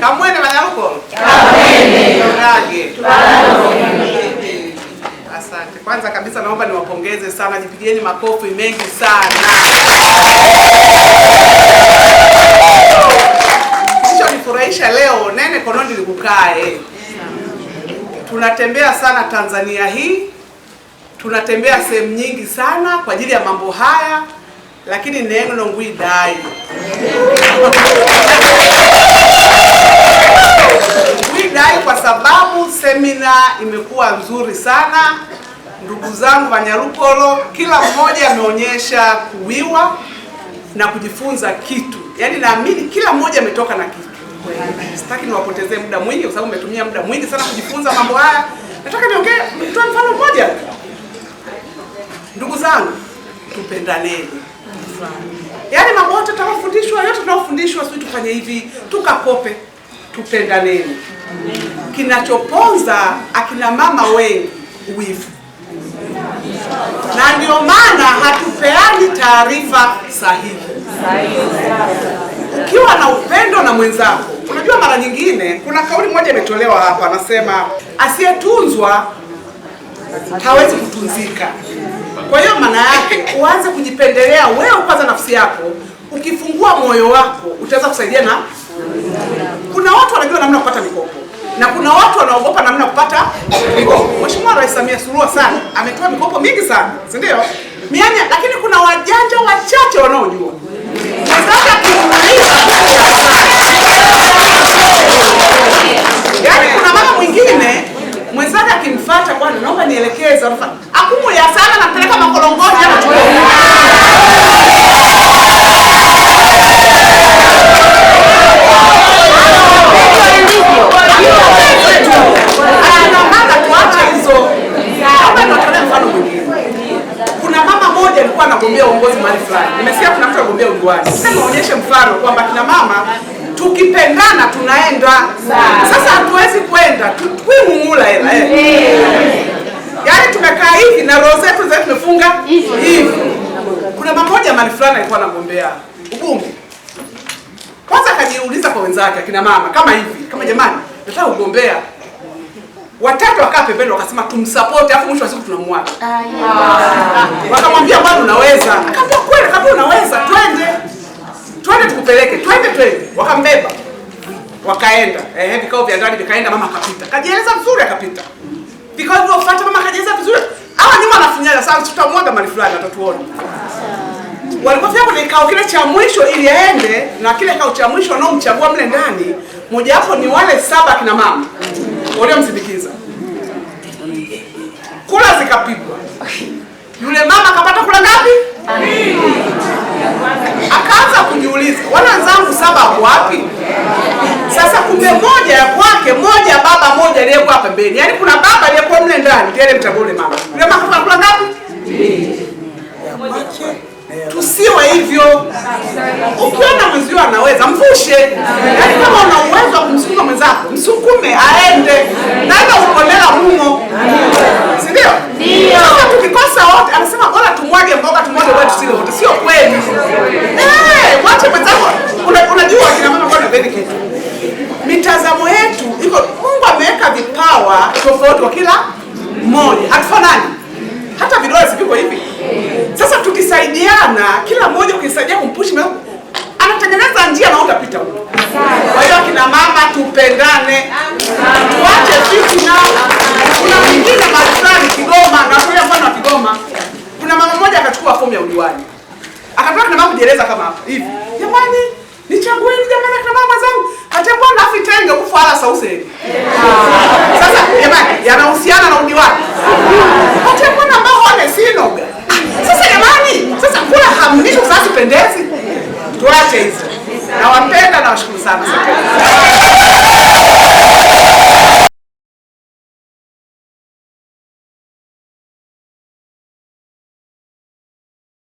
Kamwene mada huko. Asante. Kwanza kabisa naomba niwapongeze sana, jipigieni makofi mengi sana. Kilichonifurahisha leo nene konondi likukae. Tunatembea sana Tanzania hii, tunatembea sehemu nyingi sana kwa ajili ya mambo haya, lakini neno ngwidai Nimefurahi kwa sababu semina imekuwa nzuri sana. Ndugu zangu Wanyarupolo, kila mmoja ameonyesha kuwiwa na kujifunza kitu, yaani naamini kila mmoja ametoka na kitu. Sitaki niwapotezee muda mwingi, kwa sababu umetumia muda mwingi sana kujifunza mambo haya. Nataka niongee, nitoe mfano mmoja. Ndugu zangu, tupendaneni. Yaani mambo yote tunayofundishwa, yote tunayofundishwa, sisi tufanye hivi, tukakope tupendaneni. Kinachoponza akina mama wengi wivu, na ndio maana hatupeani taarifa sahihi. Ukiwa na upendo na mwenzako, unajua mara nyingine kuna kauli moja imetolewa hapa, anasema asiyetunzwa hawezi kutunzika. Kwa hiyo maana yake uanze kujipendelea wewe kwanza, nafsi yako. Ukifungua moyo wako utaweza kusaidia na kuna watu wanajua namna kupata mikopo na kuna watu wanaogopa namna kupata mikopo. Mheshimiwa Rais Samia Suluhu sana ametoa mikopo mingi sana, si ndio? Mianya, lakini kuna wajanja wachache wanaojua. Sasa mtu wa kugombea udiwani. Sasa niwaonyeshe mfano kwamba kina mama tukipendana tunaenda. Sasa hatuwezi kwenda tuimungula hela eh. eh, yaani tumekaa hivi na roho zetu zetu tumefunga hivi. Kuna mamoja mali fulani alikuwa anagombea ubunge, kwanza akajiuliza kwa wenzake akina mama kama hivi, kama jamani, nataka kugombea watatu wakaa pembeni wakasema tumsapoti, afu mwisho wa siku tunamwacha. Ah, Wakamwambia bwana, unaweza. Akamwambia Twende kama unaweza, twende twende, tukupeleke twende, twende. Wakambeba wakaenda, eh, vikao vya ndani vikaenda, mama akapita, kajieleza vizuri, akapita vikao vilivyofuata, mama kajieleza vizuri. Hawa nyuma anafinyana sana, tutamwaga mali fulani, atatuona walipofika kwenye kikao kile cha mwisho ili aende na kile kikao cha mwisho wanaomchagua mle ndani, mojawapo ni wale saba kina mama waliomsindikiza. Kula zikapigwa. kuuliza wana zangu saba wapi? Sasa kumbe moja ya kwake, moja baba, moja aliyekuwa pembeni. Yaani kuna baba aliyekuwa mle ndani, ndiye mtabule mama. Yule mama kula ngapi? Tusiwe hivyo. Ukiona mzio anaweza mvushe. Yaani tofauti wa kila mmoja, hatufanani hata vidole viko hivi. Sasa tukisaidiana, kila mmoja ukisaidia kumpushi anatengeneza njia na utapita huko. Kwa hiyo kina mama tupendane, tuache sisi na kuna mwingine maskani Kigoma na kwa mfano Kigoma, kuna mama mmoja akachukua fomu ya udiwani akatoka na mama kujieleza kama hapa hivi